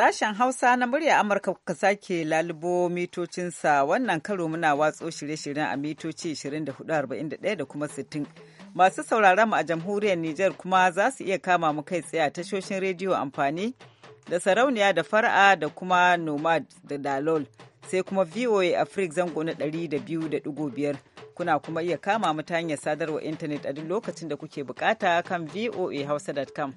Sashen Hausa na murya Amurka kuka sake lalubo mitocinsa wannan karo muna watso shirye-shiryen a mitoci 24,41 da kuma 60. Masu sauraron mu a jamhuriyar Nijar kuma za su iya kama mu kai tsaye a tashoshin rediyo amfani da sarauniya da fara'a da kuma nomad da dalol sai kuma VOA Africa zango na 200.5 kuna kuma iya kama mu ta hanyar sadarwa intanet a duk lokacin da kuke bukata kan voahausa.com.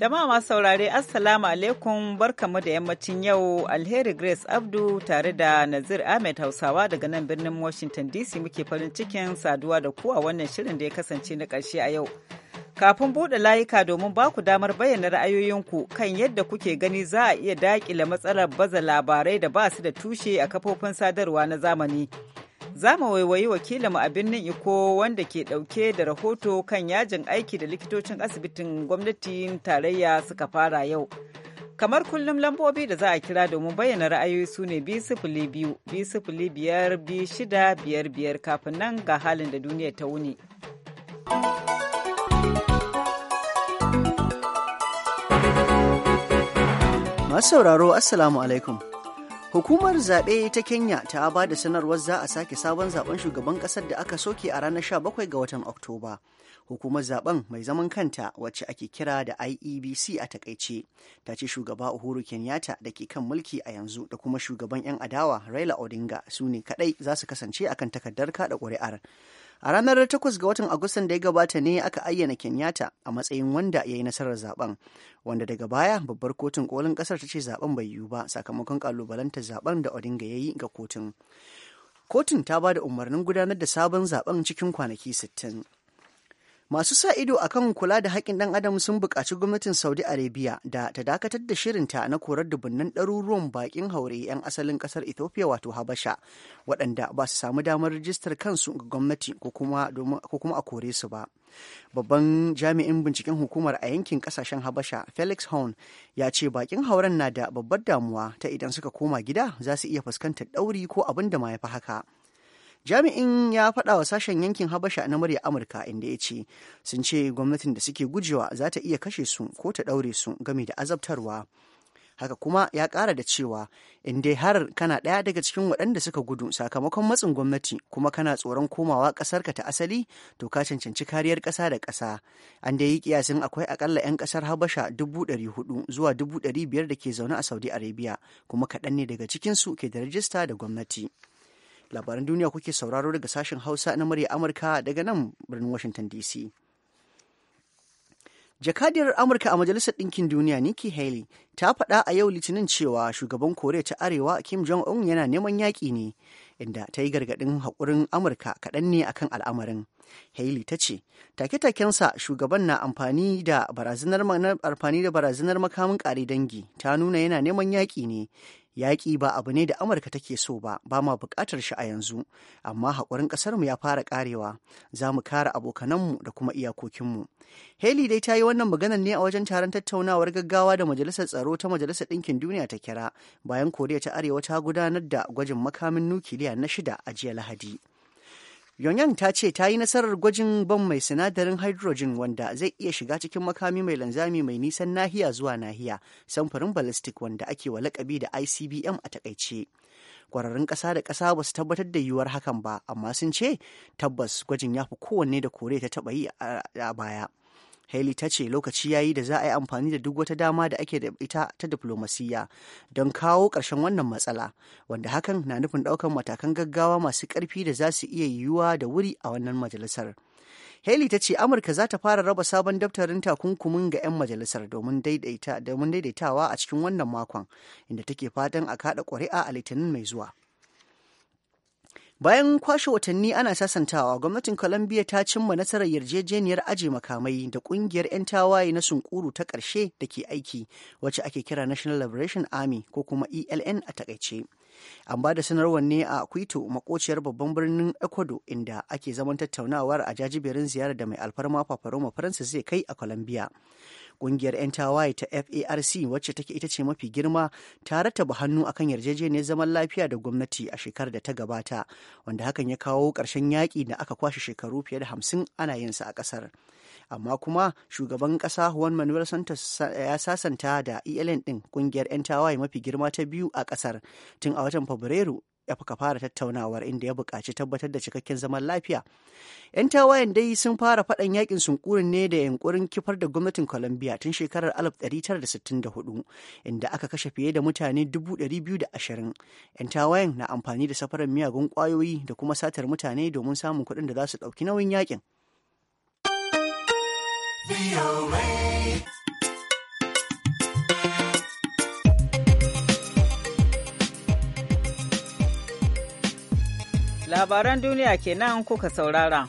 Jama'a masu saurare Assalamu alaikum barkamu da yammacin yau Alheri Grace Abdu tare da Nazir Ahmed Hausawa daga nan birnin Washington DC muke farin cikin saduwa da ku a wannan shirin da ya kasance na ƙarshe a yau. Kafin buɗe layuka domin ba ku damar bayyana ra'ayoyinku kan yadda kuke gani za a iya daƙile matsalar baza labarai da ba su da tushe a kafofin sadarwa na zamani. za mu waiwayi wakilinmu a birnin iko wanda ke dauke da rahoto kan yajin aiki da likitocin asibitin gwamnatin tarayya suka fara yau kamar kullum lambobi da za a kira domin bayyana ra'ayoyi su ne biyar biyar biyar kafin nan ga halin da duniya ta wuni masu sauraro assalamu alaikum Hukumar zaɓe ta Kenya ta ba da sanarwar za a sake sabon zaben shugaban ƙasar da aka soke a ranar 17 ga watan Oktoba. Hukumar zaben mai zaman kanta wacce ake kira da IEBC a takaice ta ce shugaba Uhuru Kenyatta da ke kan mulki a yanzu da kuma shugaban 'yan adawa Raila Odinga su ne kaɗai za su kasance akan takardar kaɗa ƙuri'ar. A ranar 8 ga watan Agustan da ya gabata ne aka ayyana Kenyatta a matsayin wanda ya yi nasarar zaben, wanda daga baya babbar kotun kolin kasar ta ce zaben bai yiwu ba sakamakon kalubalanta zaben da Odinga ya yi ga kotun. Kotun ta ba da umarnin gudanar da sabon zaben cikin kwanaki 60. Masu sa ido a kan kula da haƙƙin ɗan adam sun buƙaci gwamnatin Saudi Arabia da ta dakatar da shirinta na korar dubunnan ɗaruruwan baƙin haure 'yan asalin ƙasar Ethiopia wato Habasha, waɗanda ba su samu damar rijistar kansu ga gwamnati ko kuma a kore su ba. Babban jami'in binciken hukumar a yankin ƙasashen Habasha, Felix Horn, ya ce baƙin hauren na da babbar damuwa ta idan suka koma gida za su iya fuskantar ɗauri ko abin da ma ya fi haka. jami'in ya faɗa wa sashen yankin habasha na murya amurka inda ya ce sun ce gwamnatin da suke gujewa za ta iya kashe su ko ta ɗaure su game da azabtarwa haka kuma ya ƙara da cewa in dai har kana ɗaya daga cikin waɗanda suka gudu sakamakon matsin gwamnati kuma kana tsoron komawa ƙasarka ta asali to ka cancanci kariyar ƙasa da ƙasa an dai yi kiyasin akwai akalla 'yan ƙasar habasha dubu ɗari hudu zuwa dubu ɗari biyar da ke zaune a saudi arabia kuma kaɗan ne daga cikin su ke da rajista da gwamnati. labaran duniya kuke sauraro daga sashen hausa na murya amurka daga nan birnin washington dc jakadiyar amurka a majalisar ɗinkin duniya nikki haley ta faɗa a yau litinin cewa shugaban koriya ta arewa kim jong un yana neman yaƙi ne inda ta yi gargaɗin haƙurin amurka kaɗan ne akan al'amarin haley ta ce take-takensa shugaban na amfani da barazanar da barazanar makamin ƙare dangi ta nuna yana neman yaƙi ne yaƙi ba abu ne da amurka take so ba ba ma buƙatar shi a yanzu amma haƙurin ƙasarmu ya fara ƙarewa za mu kare abokananmu da kuma iyakokinmu haley dai ta yi wannan maganar ne a wajen taron tattaunawar gaggawa da majalisar tsaro ta majalisar ɗinkin duniya ta kira bayan koriya ta arewa ta gudanar da gwajin makamin nukiliya na shida a jiya lahadi Pyongyang ta ce ta yi nasarar gwajin bam mai sinadarin hydrogen wanda zai iya shiga cikin makami mai lanzami mai nisan nahiya zuwa nahiya, samfurin ballistic wanda ake wa lakabi da ICBM a takaice. Kwararrun ƙasa da ƙasa ba su tabbatar da yiwuwar hakan ba, amma sun ce tabbas gwajin ya fi kowanne da kore ta taɓa yi a baya. Haley ta ce lokaci ya yi da za a yi amfani da duk wata dama da ake da ita ta diflomasiyya don kawo ƙarshen wannan matsala, wanda hakan na nufin ɗaukar matakan gaggawa masu ƙarfi da za su iya yiwuwa da wuri a wannan majalisar. Haley ta ce Amurka za ta fara raba sabon daftarin takunkumin ga 'yan majalisar domin daidaitawa a cikin wannan makon, inda take fatan a kaɗa ƙuri'a a litinin mai zuwa. Bayan kwashe watanni ana sasantawa, gwamnatin Colombia ta cimma nasarar yarjejeniyar aje makamai da kungiyar 'yan tawaye na sunkuru ta ƙarshe da ke aiki, wacce ake kira National Liberation Army ko kuma ELN a takaice. An ba da sanarwar ne a Quito, makociyar babban birnin Ecuador, inda ake zaman tattaunawar a jajiberin ziyarar da mai alfarma Paparoma Faransa zai kai a Colombia. Ƙungiyar 'yan tawaye ta FARC wacce take ita ce mafi girma ta rattaba hannu akan yarjejeniyar zaman lafiya da gwamnati a shekarar da ta gabata wanda hakan ya kawo ƙarshen yaƙi da aka kwashe shekaru fiye da hamsin ana yin sa a ƙasar. amma kuma shugaban ƙasa Juan Manuel Santos ya sasanta da ELN din kungiyar 'yan tawaye mafi girma ta biyu a ƙasar tun a watan Fabrairu ya fuka fara tattaunawar inda ya buƙaci tabbatar da cikakken zaman lafiya. 'Yan tawayen dai sun fara faɗan yakin sunkurin ne da yankurin kifar da gwamnatin Colombia tun shekarar 1964 inda aka kashe fiye da mutane 220,000. 'Yan tawayen na amfani da safarar miyagun ƙwayoyi da kuma satar mutane domin samun kuɗin da za su ɗauki nauyin yakin. Labaran duniya kenan kuka saurara.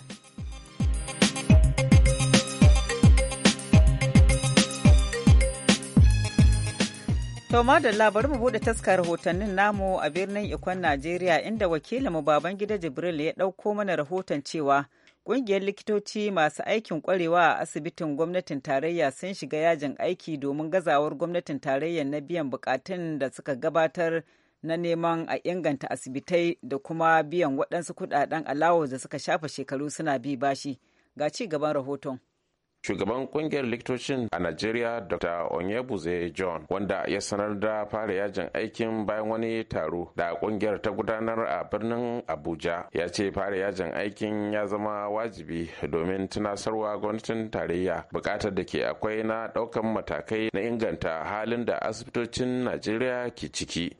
To da bari mu bude taskar rahotannin namu a birnin Ikon Najeriya inda wakilin mu baban gida Jibril ya ɗauko mana rahoton cewa ƙungiyar likitoci masu aikin ƙwarewa a asibitin gwamnatin tarayya sun shiga yajin aiki domin gazawar gwamnatin tarayya na biyan bukatun da suka gabatar na neman a inganta asibitai da kuma biyan waɗansu kuɗaɗen alawar da suka shafa shekaru suna bi bashi ga ci gaban rahoton shugaban kungiyar likitocin a najeriya dr onyebuze john wanda ya sanar da fara yajin aikin bayan wani taro da kungiyar ta gudanar a birnin abuja ya ce fara yajin aikin ya zama wajibi domin tunasarwa gwamnatin tarayya bukatar da ke akwai na daukan matakai na inganta halin da asibitocin najeriya ke ciki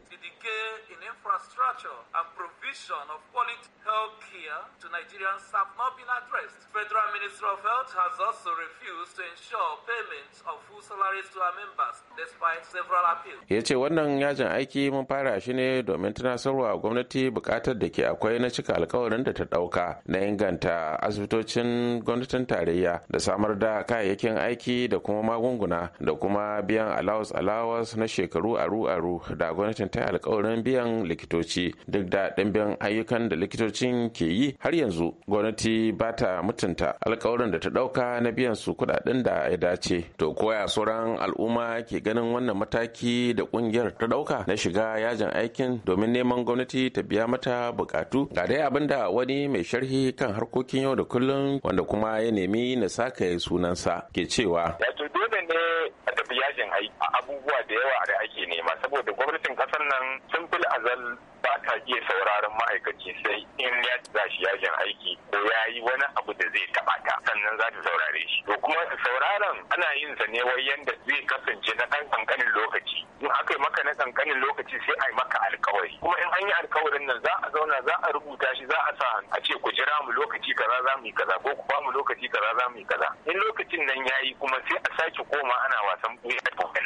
culture and provision of quality health care to Nigerians have not been addressed. Federal Minister of Health has also refused to ensure payment of full salaries to our members despite several appeals. Ya ce wannan yajin aiki mun fara shi ne domin tunasarwa gwamnati bukatar da ke akwai na cika alkawarin da ta dauka na inganta asibitocin gwamnatin tarayya da samar da kayayyakin aiki da kuma magunguna da kuma biyan allowance allowance na shekaru aru-aru da gwamnatin ta alkawarin biyan likitoci duk da ɗimbin don ayyukan da likitocin ke yi har yanzu gwamnati ba ta mutunta alkawarin da ta dauka na biyan su kudaden da ya dace to koya sauran al'umma ke ganin wannan mataki da kungiyar ta dauka na shiga yajin aikin domin neman gwamnati ta biya mata bukatu ga dai abin da wani mai sharhi kan harkokin yau da kullum wanda kuma ya nemi na saka sunansa ke cewa dole ne a yajin aiki abubuwa da yawa da ake nema saboda gwamnatin kasar nan sun fil azal ba ta iya sauraron ma'aikaci sai in ya za shi yajin aiki ko ya yi wani abu da zai taɓa ta sannan za ta saurare shi to kuma sauraron ana yin sa ne wai yanda zai kasance na ɗan kankanin lokaci in aka yi maka na kankanin lokaci sai a yi maka alkawari kuma in an yi alkawarin nan za a zauna za a rubuta shi za a sa a ce ku jira mu lokaci kaza za mu yi kaza ko ku ba mu lokaci kaza za mu yi kaza in lokacin nan ya yi kuma sai a sake koma ana wasan ɓuya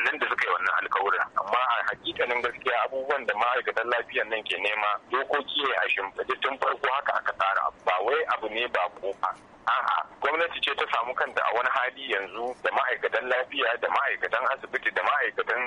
nan da suka yi wannan alkawarin amma a hakikanin gaskiya abubuwan da ma'aikatan lafiyan nan ke nema dokoki ne a shimfiɗe tun farko haka aka tsara ba wai abu ne ba ko ba a'a gwamnati ce ta samu kanta a wani hali yanzu da ma'aikatan lafiya da ma'aikatan asibiti da ma'aikatan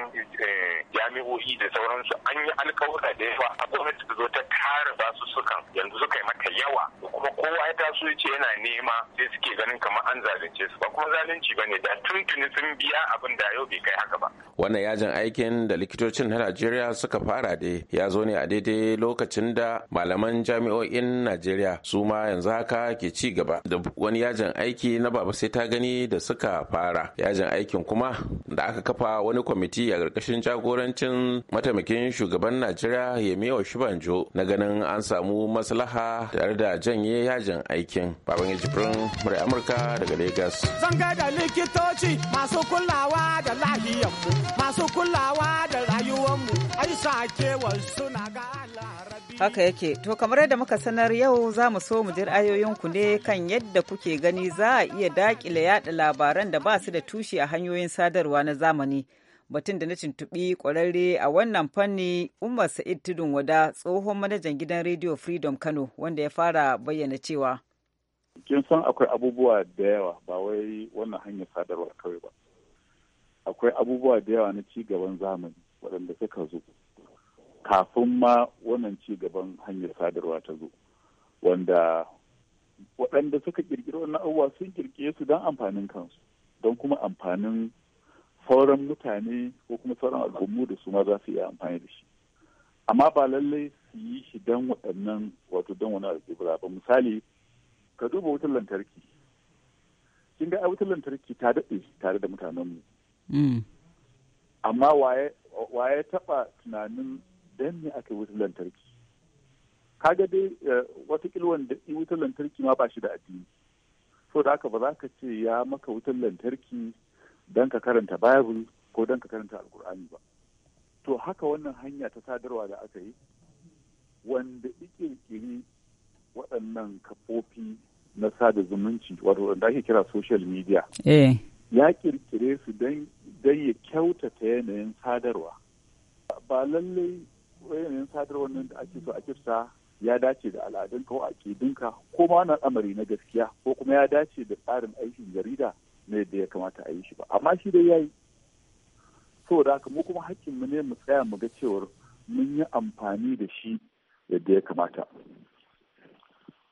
eh, jami'o'i da sauransu an yi alkawura da yawa a gwamnati ta zo ta kare su sukan yanzu suka yi mata yawa ko kowa ya taso ya ce yana nema sai suke ganin kamar an zalunce su ba kuma zalunci ba ne da tuntuni sun biya abin da yau bai kai haka ba. Wannan yajin aikin da likitocin na Najeriya suka fara da ya zo ne a daidai lokacin da malaman jami'o'in Najeriya su ma yanzu haka ke ci gaba da wani yajin aiki na baba sai ta gani da suka fara yajin aikin kuma da aka kafa wani kwamiti a ƙarƙashin jagorancin mataimakin shugaban Najeriya Yemi Oshibanjo na ganin an samu maslaha tare da janye ya yajin aikin baban ya jibrin murai amurka daga lagos zan da likitoci masu kulawa da lahiyanmu masu kulawa da rayuwanmu ai sakewar suna ga haka yake to kamar yadda muka sanar yau za mu so mu ji ra'ayoyinku ne kan yadda kuke gani za a iya dakile yada labaran da ba su da tushe a hanyoyin sadarwa na zamani batun da na tuntuɓi ƙwararre a wannan fanni umar sa'id tudun wada tsohon manajan gidan radio freedom kano wanda ya fara bayyana cewa kin san akwai abubuwa da yawa ba wai wannan hanyar sadarwa kawai ba akwai abubuwa da yawa na ci gaban zamani waɗanda suka zo kafin ma wannan ci gaban hanyar sadarwa ta zo wanda waɗanda suka ƙirƙiri wannan abubuwa sun ƙirƙire su don amfanin kansu don kuma amfanin sauran mutane ko kuma sauran al'ummu da su ma za su iya amfani da shi amma ba lallai su yi shi don waɗannan wato don wani alƙibla ba misali ka duba wutar lantarki kin ga wutar lantarki ta daɗe tare da mutanenmu mm. amma waye taɓa tunanin don ne aka wutar lantarki kaga dai kilwan eh, wanda wutar lantarki ma ba shi da addini so da haka ba za ka ce ya maka wutar lantarki don ka karanta bible ko don ka karanta alkur'ani ba to haka wannan hanya ta sadarwa da aka yi wanda ikirkiri waɗannan kafofi na sada zumunci wato wanda ake kira social media eh. ya kirkire su don ya kyautata yanayin sadarwa ba lallai yanayin sadarwar nan da ake so a kirsa ya dace da al'adun al'adunka ko aƙidunka ko ma wannan amari na gaskiya ko kuma ya dace da tsarin aikin jarida ne da ya kamata a yi shi ba amma shi dai ya yayi saboda haka mu kuma mu ne mu tsaya mu ga cewar mun yi amfani da shi yadda ya kamata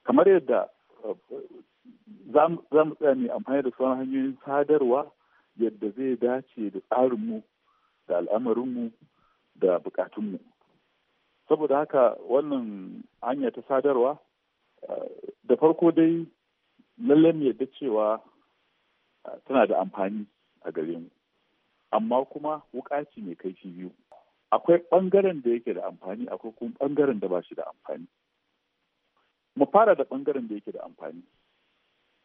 kamar yadda eh, za mu tsaya mai amfani da sauran hanyoyin sadarwa yadda zai dace da tsarinmu da al'amarinmu da bukatunmu saboda haka wannan hanya ta sadarwa eh, da farko dai lallai mu yadda cewa tana da amfani a gare mu amma kuma wuƙa ce mai kaifi biyu akwai ɓangaren da yake da amfani akwai kuma bangaren da ba shi da amfani mu fara da ɓangaren da yake da amfani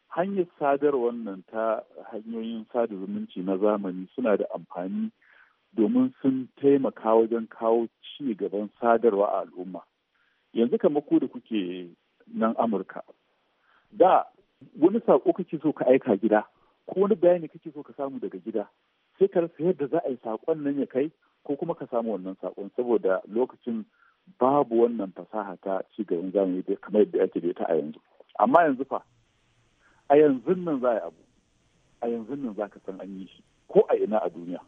hanyar sadarwar nan ta hanyoyin sada zumunci na zamani suna da amfani domin sun taimaka wajen kawo ci gaban sadarwa a al'umma yanzu kamar ku da kuke nan amurka da wani saƙo kake so ka aika gida ko wani bayani kake so ka samu daga gida sai ka rasa yadda za a yi saƙon nan ya kai ko kuma ka samu wannan saƙon saboda lokacin babu wannan fasaha ta ci gaban zamani da kamar yadda ake da ta a yanzu amma yanzu fa a yanzu nan za a yi abu a yanzu nan za ka san an yi shi ko a ina a duniya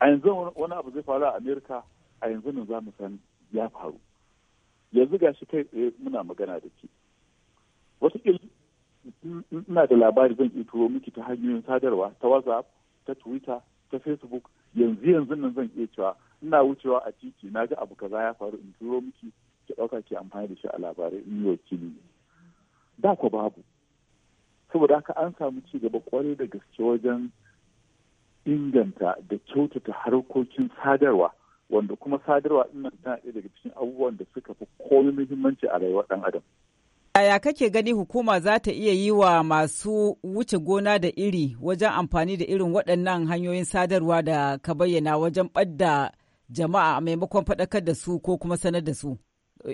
a yanzu wani abu zai faru a amerika a yanzu nan za mu san ya faru yanzu ga shi kai tsaye muna magana da ke wasu ina da labari zan iya turo miki ta hanyoyin sadarwa ta whatsapp ta twitter ta facebook yanzu yanzu nan zan iya cewa ina wucewa a titi na ga abu kaza ya faru in turo miki ki ɗauka ki amfani da shi a labarai in yi wakili da ku babu saboda haka an samu ci gaba kwarai da gaske wajen inganta da kyautata harkokin sadarwa wanda kuma sadarwa ina tana ɗaya daga cikin abubuwan da suka fi komai muhimmanci a rayuwar dan adam Yaya kake gani hukuma za ta iya yi wa masu wuce gona da iri wajen amfani da irin waɗannan hanyoyin sadarwa da ka bayyana wajen ɓadda jama'a maimakon faɗakar da su ko kuma sanar da su?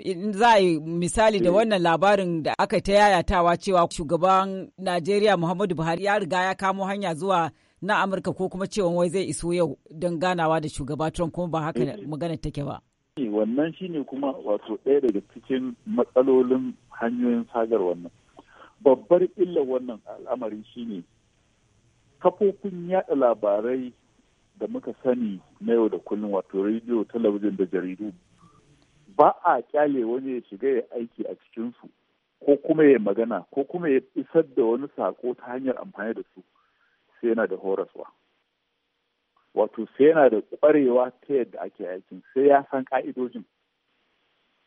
In za a yi misali da eh. wannan labarin da aka ta yayatawa cewa shugaban Najeriya Muhammadu Buhari ya riga ya kamo hanya zuwa na Amurka ko kuma cewa wai zai iso yau don ganawa da shugaba Trump kuma ba haka eh. magana take ba. wannan shine kuma wato ɗaya daga cikin matsalolin hanyoyin sagar wannan babbar illar wannan al'amari shine kafofin yada labarai da muka sani na yau da kullum wato rediyo talabijin da jaridu ba a kyale wani ya shiga ya aiki a cikinsu ko kuma ya magana ko kuma ya isar da wani sako ta hanyar amfani da su sai yana da horaswa. wato sai yana da kwarewa ta yadda ake aikin sai ya san ka'idojin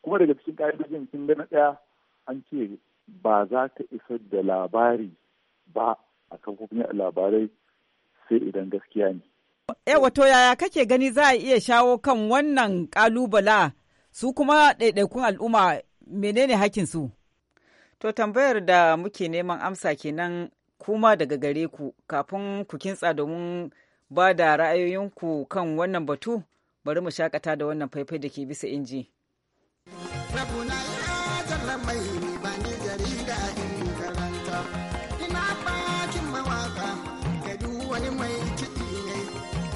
kuma daga cikin ka'idojin kin ga na ɗaya an ce ba za ka isar da labari ba a kafofin labarai sai idan gaskiya ne e wato yaya kake gani za a iya shawo kan wannan kalubala su kuma ɗaiɗaikun al'umma menene hakin su to tambayar da muke neman amsa kenan kuma daga gare ku kafin ku kintsa domin ba da ra'ayoyinku kan wannan batu bari mu shakata da wannan faifai dake bisa inji. Rabuna ya jarra mai ba ni jarida in karanta, ina bakin mawaƙa, ga duk wani mai kiɗi ne,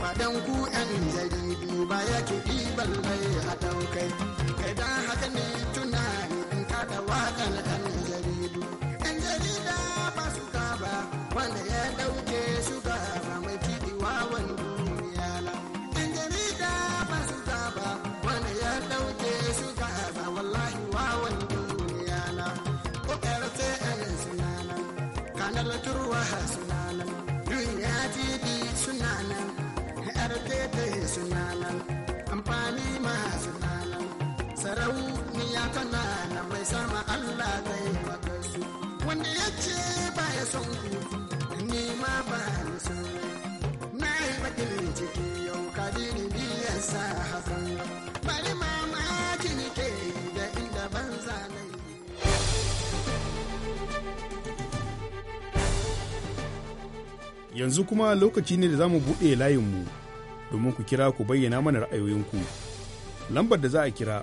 fadan ku ‘yan jaridu ba ya kiɗi balle a ɗaukai, kai haka ne tunani in kaɗa waƙan ya tana na mai sama Allah zai maka su wanda ya ce ba ya son ku ni ma ba ni so na yi bakin ciki yau ka ni biyan sa hakan bari mamaki ni ke da inda ban zanai yanzu kuma lokaci ne da za mu buɗe layinmu domin ku kira ku bayyana mana ra'ayoyinku lambar da za a kira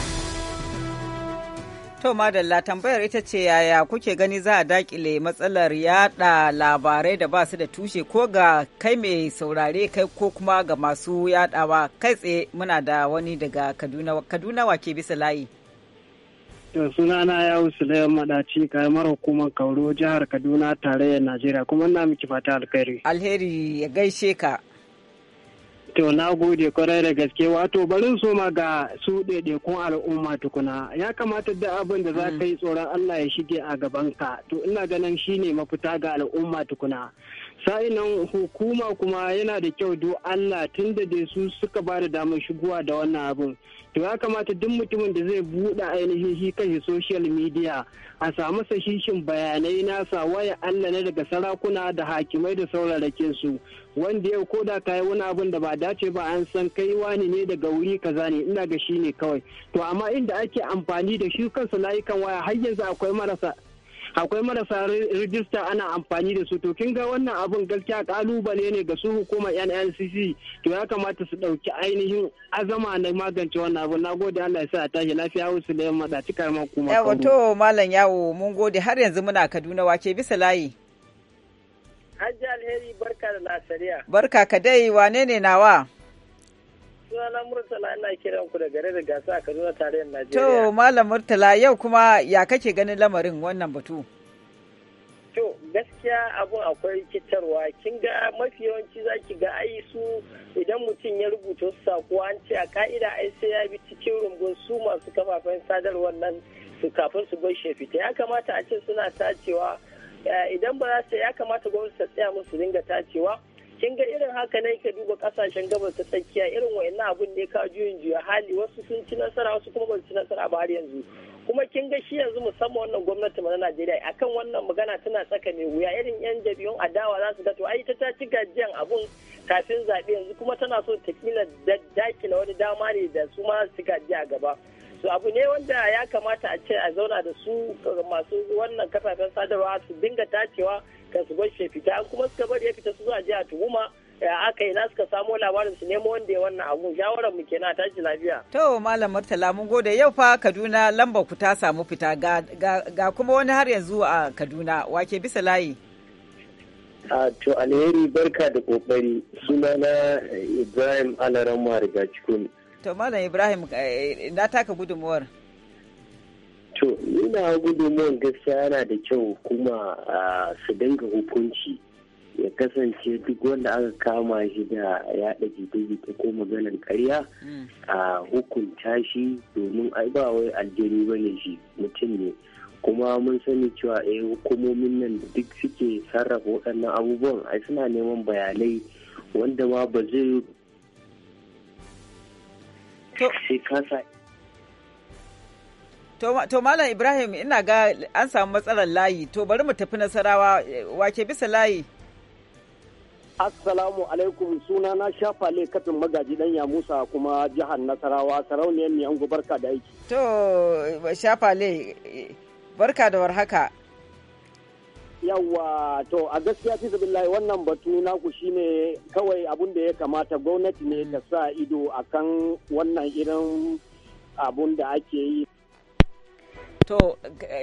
To Madalla tambayar ita ce yaya kuke gani za a dakile matsalar yada labarai da ba su da tushe ko ga kai mai saurare kai ko kuma ga masu yadawa kai tsaye muna da wani daga Kaduna Kaduna wa ke bisa layi. To sunana ya Suleiman Madaci mara hukumar Kauro jihar Kaduna tarayyar Najeriya kuma na miki fata alheri. Alheri ya gaishe ka. To na gode kwarai da gaske wato barin soma ga su ɗaiɗaikun al'umma tukuna ya kamata da abin da za ka yi mm. tsoron Allah ya shige a gabanka to ina ganin shine mafita ga al'umma tukuna. sa'inan hukuma kuma yana da kyau do Allah tun da dai su suka ba da damar shigowa da wannan abin to ya kamata duk mutumin da zai buɗe ainihin shi kan social media a samu sashishin bayanai nasa waya Allah ne daga sarakuna da hakimai da saurarake su wanda yau ko da yi wani abin da ba dace ba an san kai wani ne daga wuri kaza ne ina ga shi ne kawai to amma inda ake amfani da shi kansa layukan waya har yanzu akwai marasa akwai marasa rijista ana amfani da su to kin ga wannan abun gaskiya kalubale ne ga su hukumar NNCC to ya kamata su dauki ainihin azama na magance wannan abun nagode Allah ya sa a tashi lafiya wasu da yamma da cikar kuma yawo to malam yawo mun gode har yanzu muna Kaduna wake bisa layi Hajji Alheri barka da lasariya barka ka dai wane ne nawa sunana Murtala ina kiran ku da gare da gasa a Kaduna tarayyar Najeriya. To Malam Murtala yau kuma ya kake ganin lamarin wannan batu? To gaskiya abun akwai rikitarwa kin ga mafi yawanci zaki ga ai su idan mutum ya rubuta su sako an ce a ka'ida ai sai ya bi cikin rumbun su masu kafafen sadarwar nan su kafin su bar fita ya kamata a ce suna tacewa eh, idan ba za su ya kamata gwamnati ta tsaya musu dinga tacewa kin ga irin haka nan ka duba kasashen gabas ta tsakiya irin wayannan abun ne ka juyin juya hali wasu sun ci nasara wasu kuma ba ci nasara ba har yanzu kuma kin ga shi yanzu musamman wannan gwamnati na Najeriya akan wannan magana tana tsaka mai wuya irin yan jabiyun adawa za su ga to ai ta ta ci gajiyan abun kafin zaɓe yanzu kuma tana so ta kila dakila wani dama ne da su ma su a gaba su abu ne wanda ya kamata a ce a zauna da su masu wannan kafafen sadarwa su dinga tacewa kan su bar fita an kuma suka bari ya fita su zuwa jiya tuhuma aka yi na suka samo labarin su nemo wanda ya wannan abu shawarar mu kenan tashi lafiya. To malam Murtala mun gode yau fa Kaduna lambar ku ta samu fita ga kuma wani har yanzu a Kaduna wake bisa layi. A to alheri barka da kokari na Ibrahim alarama Rigacikun. to malam ibrahim eh, na taka gudunmuwar to ina gudunmuwar gaskiya yana da kyau kuma su dinga hukunci ya kasance duk wanda aka kama shi da yaɗa jita ta ko maganar karya hmm. a hukunta shi domin ai ba wai aljani ba ne shi mutum ne kuma mun sani cewa eh hukumomin nan duk suke sarrafa waɗannan abubuwan ai suna neman bayanai wanda ma ba zai to To Malam Ibrahim ina ga an samu matsalar layi to bari mu tafi nasarawa wake bisa layi. Assalamu alaikum suna na shafa le katin magaji dan ya Musa kuma jihar Nasarawa sarauniyar mai an barka da aiki. To shafa le barka da warhaka. yawa to a gaskiya fi billahi wannan batu naku shine kawai abun da ya kamata gwamnati ne ta sa ido a kan wannan irin abun da ake yi To,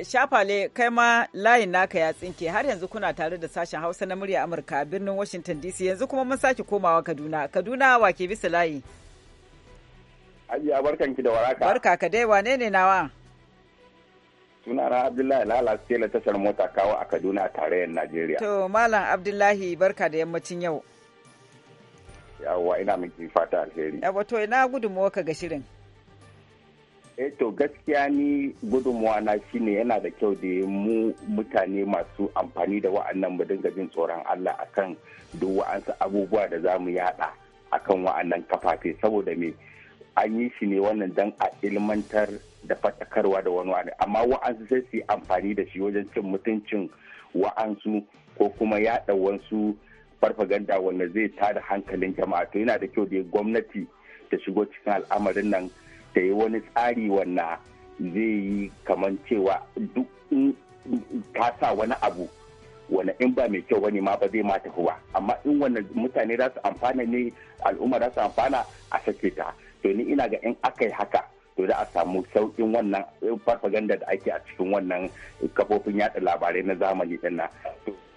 shafale kai ma layin naka ya tsinke har yanzu kuna tare da sashen Hausa na murya Amurka birnin Washington DC yanzu kuma mun sake komawa Kaduna. Kaduna wa ke bisa layi? Hajiya barkanki da waraka. Barka ka dai wane ne nawa? sunana Abdullahi Lala na tashar mota kawo a Kaduna tarayyar Najeriya. To Malam Abdullahi barka da yammacin yau. Yawwa ina miki fata alheri. Yawwa to ina gudunmuwa ka ga shirin. e to gaskiya ni gudunmuwa na shine yana da kyau da mu mutane masu amfani da wa'annan mu dinga jin tsoron Allah akan duk wa'ansu abubuwa da za mu yada akan wa'annan kafafe saboda me an yi shi ne wannan dan a ilmantar da fatakarwa da wani wani amma wa'ansu sai su yi amfani da shi wajen cin mutuncin wa'ansu ko kuma yaɗa wasu farfaganda wanda zai tada hankalin jama'a to yana da kyau da gwamnati ta shigo cikin al'amarin nan ta yi wani tsari wanda zai yi kamar cewa duk ka sa wani abu wani in ba mai kyau wani ma ba zai ma tafi ba amma in wannan mutane za su amfana ne al'umma za su amfana a sake ta to ni ina ga in aka yi haka to za a samu saukin wannan eh, farfaganda da ake a cikin wannan kafofin yada labarai na zamani din nan.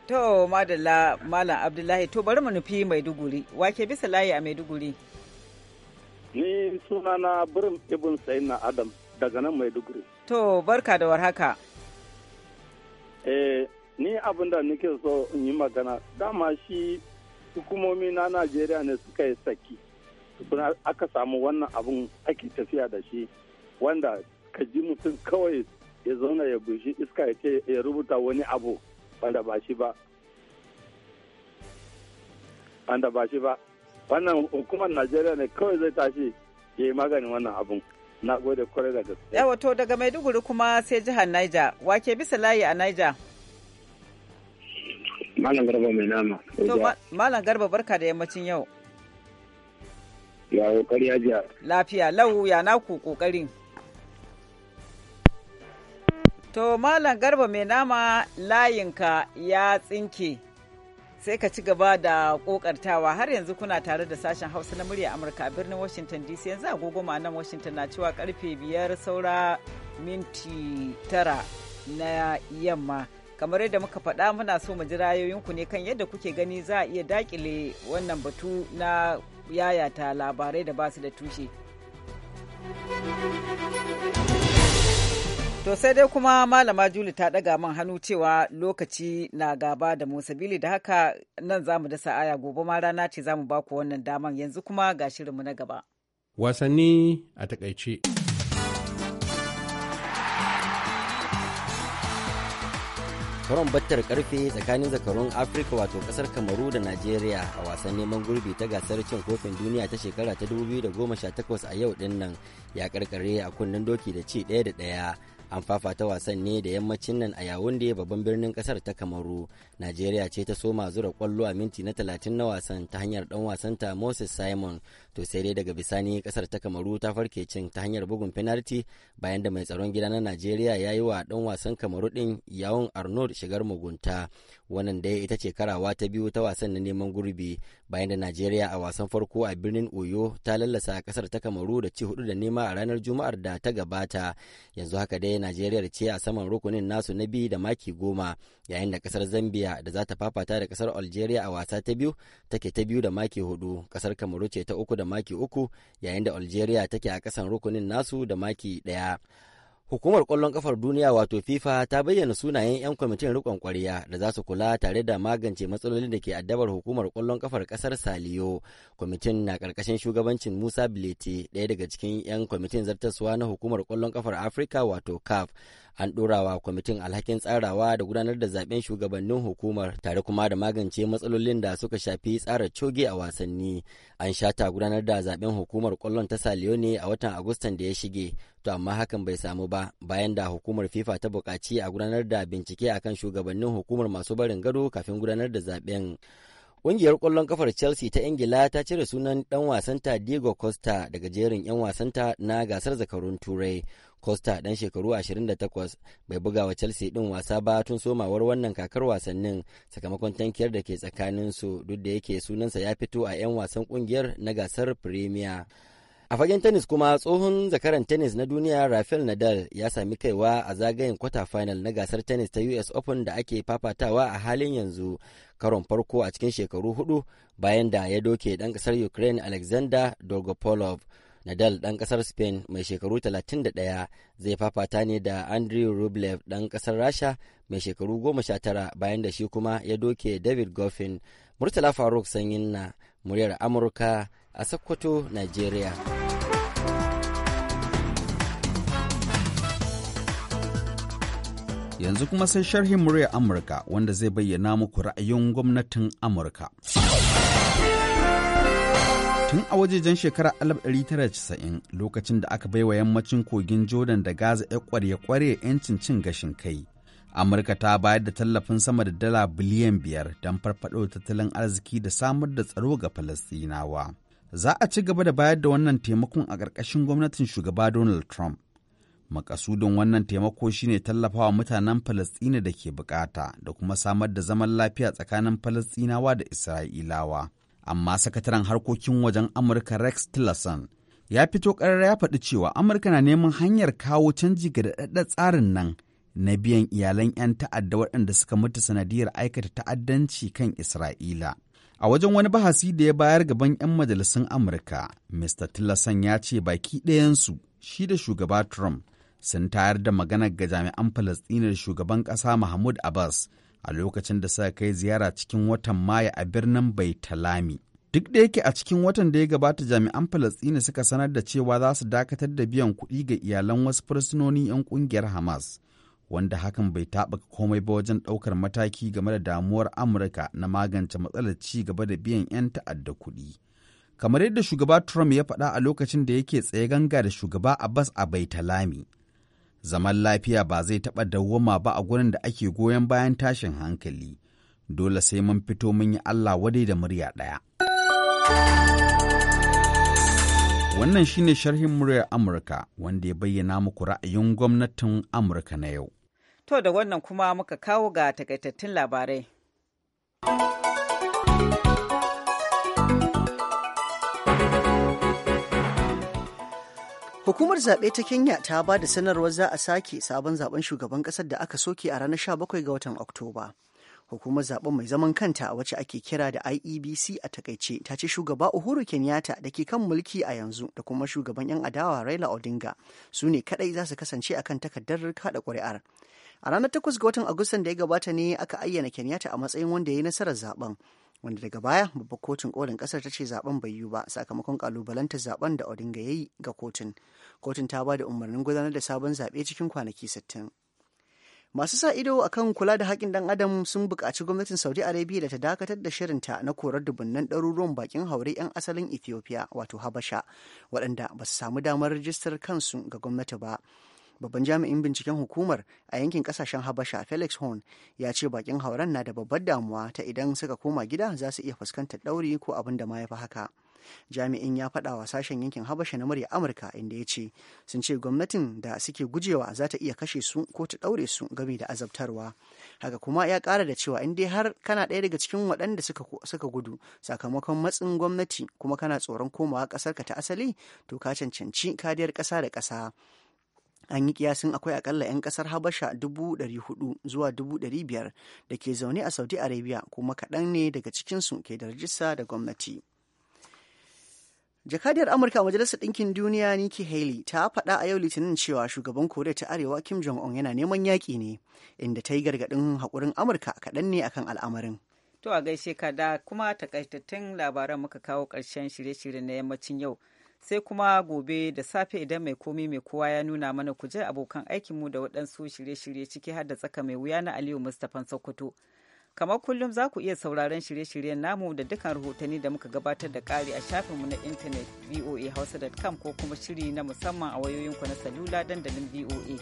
To madalla Malam Abdullahi to bari mu nufi Maiduguri wake bisa layi a Maiduguri. Ni sunana Birim Ibn Sayin na Adam daga nan Maiduguri. To barka da warhaka. Eh ni abin da nake so in yi magana dama shi hukumomi na Najeriya ne suka yi saki. kuna aka samu wannan abun ake tafiya da shi wanda ka ji mutum kawai ya zauna ya bushi iska ya ce ya rubuta wani abu wanda ba shi ba wanda ba shi ba wannan hukumar najeriya ne kawai zai tashi ya yi maganin wannan abun na gode kwarai da gaske yawa to daga maiduguri kuma sai jihar niger wake bisa layi a niger malam garba mai nama malam garba barka da yammacin yau Ya kokari ya jiya. Lafiya lau ya naku kokarin. To Malam Garba mai nama layinka ya tsinke. Sai ka ci gaba da kokartawa har yanzu kuna tare da sashen Hausa na murya Amurka a birnin Washington DC yanzu agogo nan Washington na cewa karfe biyar saura minti tara na yamma. kamar yadda muka faɗa muna so mu ji rayoyinku ne kan yadda kuke gani za a iya dakile wannan batu na yayata labarai da basu da tushe To sai dai kuma malama Juli ta ɗaga man hannu cewa lokaci na gaba da mu sabili da haka nan za mu da sa'aya gobe ma rana ce za mu baku wannan daman yanzu kuma ga shirinmu na gaba. Wasanni a takaice. karon battar karfe tsakanin zakarun afirka wato kasar kamaru da najeriya a wasan neman gurbi ta gasar cin kofin duniya ta shekara ta 2018 a yau din nan ya karkare a kunnen doki da ci daya da ɗaya an fafata wasan ne da yammacin nan a yawun ya babban birnin kasar ta kamaru najeriya ce ta soma zura kwallo a minti na 30 na wasan ta hanyar dan wasan ta moses simon to sai dai daga bisani kasar ta kamaru ta farke cin ta hanyar bugun penalty bayan da mai tsaron gida na najeriya ya yi wa dan wasan kamaru din yawon arnold shigar mugunta wannan dai ita ce karawa ta biyu ta wasan na neman gurbi bayan da najeriya a wasan farko a birnin oyo ta lallasa kasar ta kamaru da ci hudu da nema a ranar juma'ar da ta gabata yanzu haka dai najeriya ce a saman rukunin nasu na biyu da maki goma yayin da kasar zambia da za ta fafata da kasar algeria a wasa ta biyu take ta biyu da maki hudu kasar kamaru ce ta uku da maki uku yayin da algeria take a kasan rukunin nasu da maki daya Hukumar Kwallon ƙafar duniya wato FIFA ta bayyana sunayen 'yan kwamitin riƙon ƙwarya da za su kula tare da magance matsalolin da ke addabar hukumar Kwallon ƙafar ƙasar Saliyo. Kwamitin na ƙarƙashin shugabancin Musa Bilete ɗaya daga cikin 'yan kwamitin zartaswa na hukumar Kwallon ƙafar Afirka wato CAF. An ɗorawa kwamitin alhakin tsarawa da gudanar da zaben shugabannin hukumar tare kuma da magance matsalolin da suka shafi tsara coge a wasanni. An shata gudanar da zaben hukumar ƙwallon ta Saliyo ne a watan Agustan da ya shige. to amma hakan bai samu ba bayan da hukumar fifa ta buƙaci a gudanar da bincike a kan shugabannin hukumar masu barin gado kafin gudanar da zaben Ƙungiyar ƙwallon kafar Chelsea ta Ingila ta cire sunan ɗan wasanta Diego Costa daga jerin 'yan wasanta na gasar zakarun Turai. Costa dan shekaru 28 bai buga wa Chelsea ɗin wasa ba tun somawar wannan kakar wasannin sakamakon tankiyar da ke tsakanin su duk da yake sunansa ya fito a 'yan wasan kungiyar na gasar Premier. A fagen tennis kuma tsohon zakaran tennis na duniya Rafael Nadal ya sami kaiwa a zagayen kwata final na gasar tennis ta US Open da ake fafatawa a halin yanzu karon farko a cikin shekaru hudu bayan da ya doke dan ƙasar Ukraine Alexander Dolgopolov. Nadal dan ƙasar Spain mai shekaru 31 zai fafata ne da Andrew Rublev dan ƙasar Rasha mai shekaru 19 bayan da shi kuma ya doke David Goffin. Murtala Faruk Sanyin na muryar Amurka a Sokoto, nigeria. Yanzu kuma sai sharhin murya Amurka wanda zai bayyana muku ra'ayin gwamnatin Amurka. Tun a wajejen shekarar 1990 lokacin da aka baiwa yammacin kogin Jordan da Gaza ya kwarye kwarya 'yancin cin gashin kai. Amurka ta bayar da tallafin sama da dala biliyan biyar don farfaɗo tattalin arziki da samar da tsaro ga Falasɗinawa. za a ci gaba da bayar da wannan taimakon a ƙarƙashin gwamnatin shugaba Donald Trump. Makasudin wannan taimako shine tallafawa mutanen Falasɗina da ke bukata da kuma samar da zaman lafiya tsakanin Falasɗinawa da Isra'ilawa. Amma sakataren harkokin wajen Amurka Rex Tillerson ya fito ƙarar ya faɗi cewa Amurka na neman hanyar kawo canji ga daɗaɗɗen tsarin nan na biyan iyalan 'yan ta'adda waɗanda suka mutu sanadiyar aikata ta'addanci kan Isra'ila. A wajen wani bahasi da ya bayar gaban 'yan majalisun Amurka, Mr. Tillerson ya ce baki ɗayansu shi da shugaba Trump sun tayar da maganar ga jami'an Falasɗina da shugaban ƙasa Mahmud Abbas a lokacin da suka kai ziyara cikin watan Mayu a birnin Baitalami. Duk da yake a cikin watan da ya gabata jami'an Falasɗina suka sanar da cewa za su dakatar da biyan kuɗi ga iyalan wasu fursunoni 'yan ƙungiyar Hamas. wanda hakan bai taɓa komai ba wajen ɗaukar mataki game da damuwar amurka na magance matsalar ci gaba da biyan 'yan ta'adda kuɗi kamar yadda shugaba trump ya faɗa a lokacin da yake tsaye ganga da shugaba a bas a baitalami zaman lafiya ba zai taɓa dawwama ba a gurin da ake goyon bayan tashin hankali dole sai mun fito mun yi allah wadai da murya ɗaya wannan shine sharhin muryar amurka wanda ya bayyana muku ra'ayin gwamnatin amurka na yau To da wannan kuma muka kawo ga takaitattun labarai. Hukumar zaɓe ta Kenya ta ba da sanarwar za a sake sabon zaben shugaban ƙasar da aka soke a ranar 17 ga watan Oktoba. Hukumar zaben mai zaman kanta wacce ake kira da IEBC a takaice ta ce shugaba Uhuru Kenyatta da ke kan mulki a yanzu da kuma shugaban 'yan adawa Raila Odinga su ne kaɗai za su kasance a kan takardar kaɗa ƙuri'ar. A ranar takwas ga watan Agustan da ya gabata ne aka ayyana Kenyatta a matsayin wanda ya yi nasarar zaben. Wanda daga baya babbar kotun kolin kasar ta ce zaben bai yiwu ba sakamakon kalubalanta zaben da Odinga ya yi ga kotun. Kotun ta ba da umarnin gudanar da sabon zaɓe cikin kwanaki 60. masu sa ido a kan kula da haƙƙin ɗan adam sun buƙaci gwamnatin saudi arabia da ta dakatar da shirinta na korar dubunnan ɗaruruwan bakin haure 'yan asalin ethiopia wato habasha waɗanda ba su samu damar rijistar kansu ga gwamnati ba babban jami'in binciken hukumar a yankin kasashen habasha felix horn ya ce bakin hauren na da babbar damuwa ta idan suka koma gida za su iya fuskantar ɗauri ko abin da ma ya fi haka jami'in ya faɗa wa sashen yankin habasha na murya amurka inda ya ce sun ce gwamnatin da suke gujewa za ta iya kashe su ko ta ɗaure su game da azabtarwa haka kuma ya ƙara da cewa in dai har kana ɗaya daga cikin waɗanda suka gudu sakamakon matsin gwamnati kuma kana tsoron komawa ƙasarka ta asali to ka cancanci kariyar ƙasa da ƙasa an yi kiyasin akwai akalla 'yan kasar habasha 400 zuwa biyar da ke zaune a saudi arabia kuma kaɗan ne daga cikinsu ke da rajista da gwamnati jakadiyar amurka a majalisar ɗinkin duniya nikki haley ta faɗa a yau litinin cewa shugaban koriya ta arewa kim jong-un yana neman yaƙi ne inda ta yi gargaɗin haƙurin amurka kaɗan ne akan al'amarin to a gaishe ka da kuma takaitattun labaran muka kawo ƙarshen shirye-shirye na yammacin yau sai kuma gobe da safe idan mai komi mai kowa ya nuna mana ku abokan aikinmu da waɗansu shirye-shirye ciki har da tsaka mai wuya na aliyu mustapha sokoto kamar kullum za ku iya sauraron shirye-shiryen namu da dukkan rahotanni da muka gabatar da ƙari a shafinmu na intanet VOA Hausa.com, ko kuma shiri na musamman a wayoyin ku na salula dandalin voa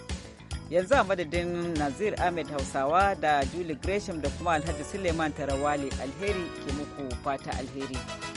yanzu a madadin nazir ahmed hausawa da julie gresham da kuma alhaji suleiman tarawale alheri ke muku fata alheri.